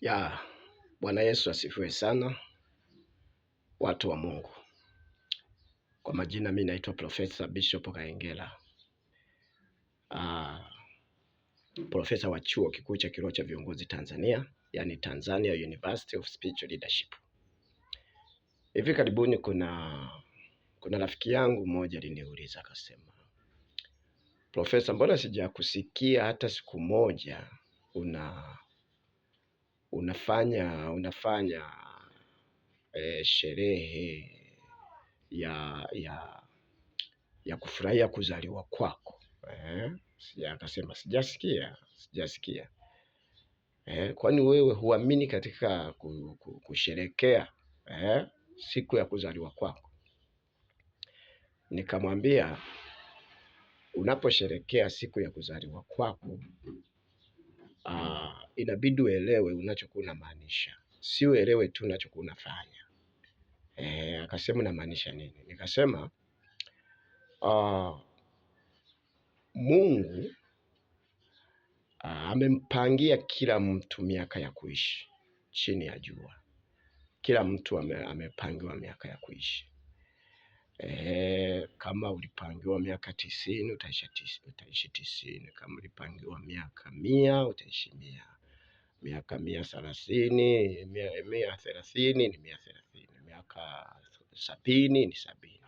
Ya Bwana Yesu asifiwe sana, watu wa Mungu. Kwa majina, mi naitwa Profesa Bishop Kahengera, ah, profesa wa chuo kikuu cha kiroho cha viongozi Tanzania, yani Tanzania University of Spiritual Leadership. Hivi karibuni kuna kuna rafiki yangu mmoja aliniuliza akasema, Profesa, mbona sijakusikia hata siku moja una unafanya unafanya e, sherehe ya ya ya kufurahia kuzaliwa kwako eh? Sija akasema sijasikia, sijasikia eh? Kwani wewe huamini katika kusherekea eh? siku ya kuzaliwa kwako? Nikamwambia unaposherekea siku ya kuzaliwa kwako uh, inabidi uelewe unachokuwa unamaanisha, si uelewe tu unachokuwa unafanya. Eh, akasema unamaanisha nini? Nikasema uh, Mungu uh, amempangia kila mtu miaka ya kuishi chini ya jua. Kila mtu ame, amepangiwa miaka ya kuishi. Ehe, kama ulipangiwa miaka tisini utaishi tisini, kama ulipangiwa miaka mia utaishi mia, miaka mia thelathini mia, mia thelathini ni mia thelathini, miaka sabini ni sabini.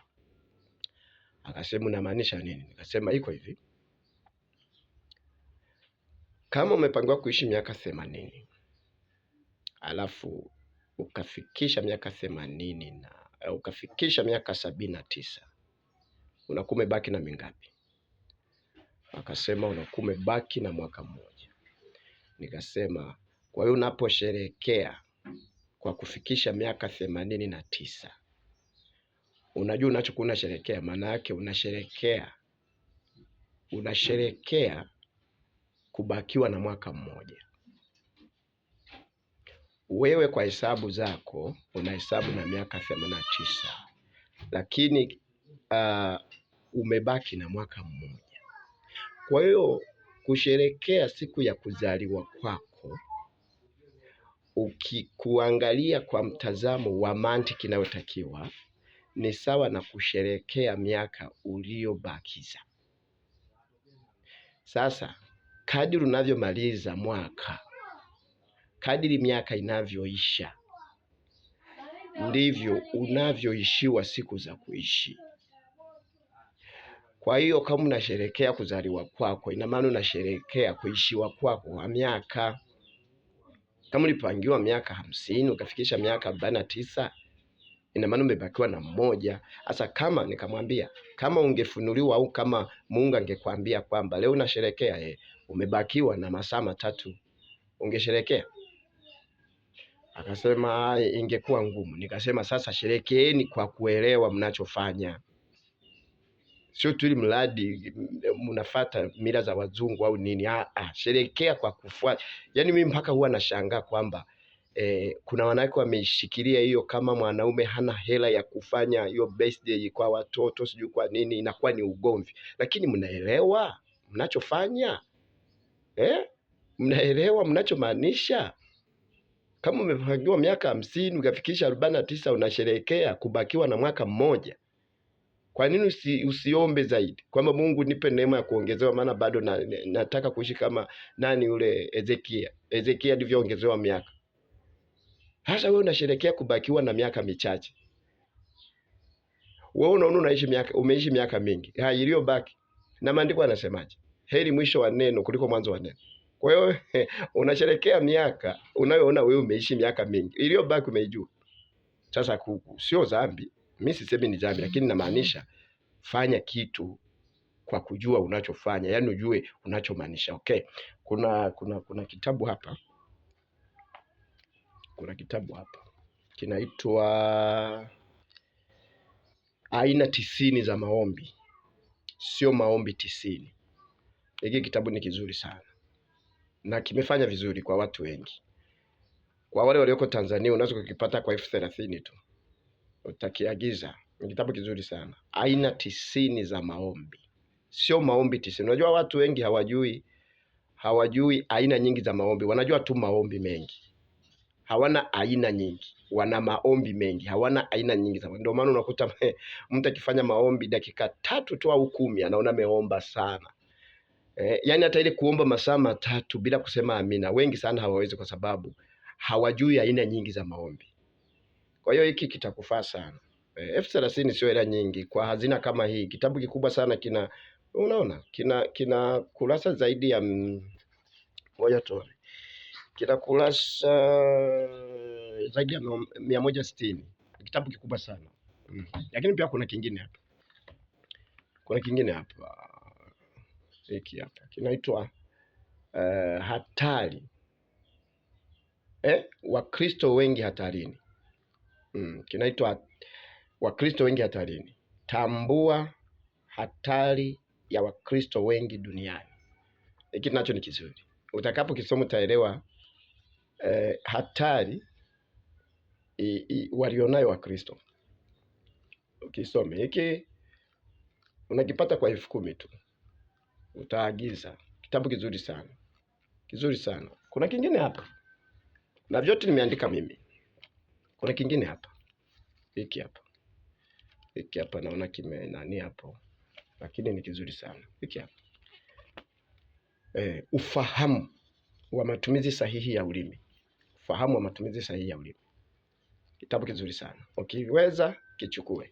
Akasema unamaanisha nini? Nikasema iko hivi, kama umepangiwa kuishi miaka themanini alafu ukafikisha miaka themanini na uh, ukafikisha miaka sabini na tisa unakuwa umebaki na mingapi? Akasema unakuwa umebaki na mwaka mmoja. Nikasema kwa hiyo unaposherehekea kwa kufikisha miaka themanini na tisa unajua unachokuwa unasherekea, maana yake unasherehekea, unasherekea kubakiwa na mwaka mmoja wewe kwa hesabu zako unahesabu na miaka themanini na tisa lakini uh, umebaki na mwaka mmoja. Kwa hiyo kusherekea siku ya kuzaliwa kwako ukikuangalia kwa mtazamo wa mantiki inayotakiwa ni sawa na kusherekea miaka uliobakiza. Sasa kadri unavyomaliza mwaka kadiri miaka inavyoisha ndivyo unavyoishiwa siku za kuishi. Kwa hiyo kama unasherekea kuzaliwa kwako, ina maana unasherekea kuishiwa kwako kwa miaka. Kama ulipangiwa miaka hamsini ukafikisha miaka arobaini na tisa ina maana umebakiwa na mmoja. Hasa kama nikamwambia, kama ungefunuliwa au kama Mungu angekwambia kwamba leo unasherekea, eh, umebakiwa na masaa matatu, ungesherekea? Akasema ingekuwa ngumu. Nikasema sasa, sherekeeni kwa kuelewa mnachofanya, sio tu ili mradi mnafata mila za wazungu au nini. Ah, ah, sherekea kwa kufuata. Yaani mimi mpaka huwa nashangaa kwamba eh, kuna wanawake wameishikilia hiyo, kama mwanaume hana hela ya kufanya hiyo birthday kwa watoto, sijui kwa nini inakuwa ni ugomvi, lakini mnaelewa mnachofanya eh? Mnaelewa mnachomaanisha. Kama umepangiwa miaka hamsini ukafikisha arobaini na tisa unasherehekea kubakiwa na mwaka mmoja, kwa nini usi, usiombe zaidi kwamba Mungu nipe neema ya kuongezewa, maana bado na, nataka kuishi kama nani yule Ezekia, Ezekia alivyoongezewa miaka. Hasa wewe unasherehekea kubakiwa na miaka michache, wewe unaona unaishi miaka, umeishi miaka mingi. Ha, iliyobaki na maandiko anasemaje? Heri mwisho wa neno kuliko mwanzo wa neno. Kwa hiyo unasherekea miaka unayoona wewe umeishi miaka mingi, iliyobaki umeijua. Sasa kuku sio dhambi, mimi sisemi ni dhambi, lakini namaanisha fanya kitu kwa kujua unachofanya, yaani ujue unachomaanisha. Okay, kuna kuna kuna kitabu hapa, kuna kitabu hapa kinaitwa aina tisini za maombi, sio maombi tisini. Hiki kitabu ni kizuri sana na kimefanya vizuri kwa watu wengi. Kwa wale walioko Tanzania unaweza kukipata kwa elfu thelathini tu, utakiagiza. Ni kitabu kizuri sana, aina tisini za maombi, sio maombi tisini. Unajua watu wengi hawajui, hawajui aina nyingi za maombi, wanajua tu maombi mengi hawana aina nyingi, wana maombi mengi, hawana aina nyingi za. Ndio maana unakuta mtu akifanya maombi dakika tatu tu au kumi, anaona ameomba sana eh, yani hata ile kuomba masaa matatu bila kusema amina, wengi sana hawawezi kwa sababu hawajui aina nyingi za maombi. Kwa hiyo hiki kitakufaa sana. Eh, elfu thelathini sio hela nyingi kwa hazina kama hii. Kitabu kikubwa sana kina, unaona, kina kina kurasa zaidi ya moja tu, kina kurasa zaidi ya mia moja sitini. Kitabu kikubwa sana mm. Lakini pia kuna kingine hapa, kuna kingine hapa hiki hapa kinaitwa uh, hatari eh? Wakristo wengi hatarini. Mm, kinaitwa Wakristo wengi hatarini. Tambua hatari ya Wakristo wengi duniani. Hiki eh, nacho ni kizuri, utakapo kisoma utaelewa eh, hatari walionayo Wakristo. Ukisome hiki unakipata kwa elfu kumi tu utaagiza. Kitabu kizuri sana, kizuri sana. Kuna kingine hapa, na vyote nimeandika mimi. Kuna kingine hapa, hiki hapa, hiki hapa, naona kime nani hapo, lakini ni kizuri sana hiki hapa. E, ufahamu wa matumizi sahihi ya ulimi, ufahamu wa matumizi sahihi ya ulimi. Kitabu kizuri sana, ukiweza kichukue,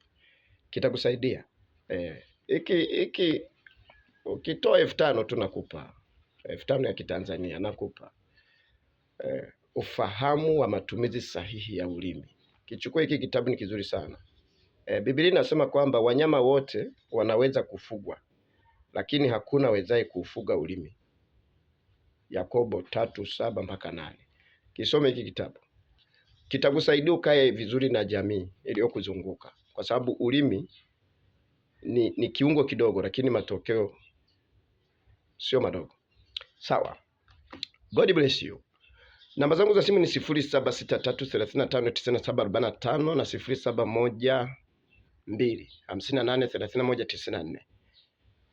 kitakusaidia eh, hiki e, hiki ukitoa elfu tano tu nakupa elfu tano ya Kitanzania nakupa eh, ufahamu wa matumizi sahihi ya ulimi. Kichukua hiki kitabu, ni kizuri sana eh, Biblia inasema kwamba wanyama wote wanaweza kufugwa, lakini hakuna wezaye kuufuga ulimi. Yakobo tatu saba mpaka nane. Kisome hiki kitabu, kitakusaidia ukae vizuri na jamii iliyokuzunguka, kwa sababu ulimi ni, ni kiungo kidogo, lakini matokeo sio madogo. Sawa, God bless you. Namba zangu za simu ni sifuri saba sita tatu thelathini na tano tisini na saba arobaini na tano na sifuri saba moja mbili hamsini na nane thelathini na moja tisini na nne.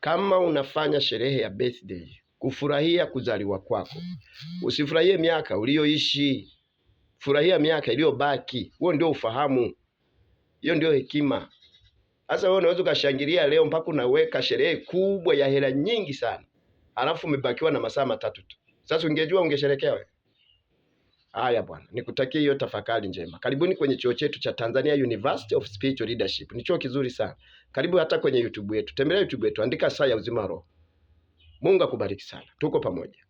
Kama unafanya sherehe ya birthday kufurahia kuzaliwa kwako, usifurahie miaka uliyoishi, furahia miaka iliyobaki. Huo ndio ufahamu, hiyo ndio hekima. Sasa wewe unaweza ukashangilia leo mpaka unaweka sherehe kubwa ya hela nyingi sana, alafu umebakiwa na masaa matatu tu. Sasa ungejua ungesherekea wewe. Haya bwana, nikutakie hiyo tafakari njema. Karibuni kwenye chuo chetu cha Tanzania University of Spiritual Leadership. Ni chuo kizuri sana. Karibu hata kwenye YouTube yetu. Tembelea YouTube yetu, andika saa ya uzima roho. Mungu akubariki sana. Tuko pamoja.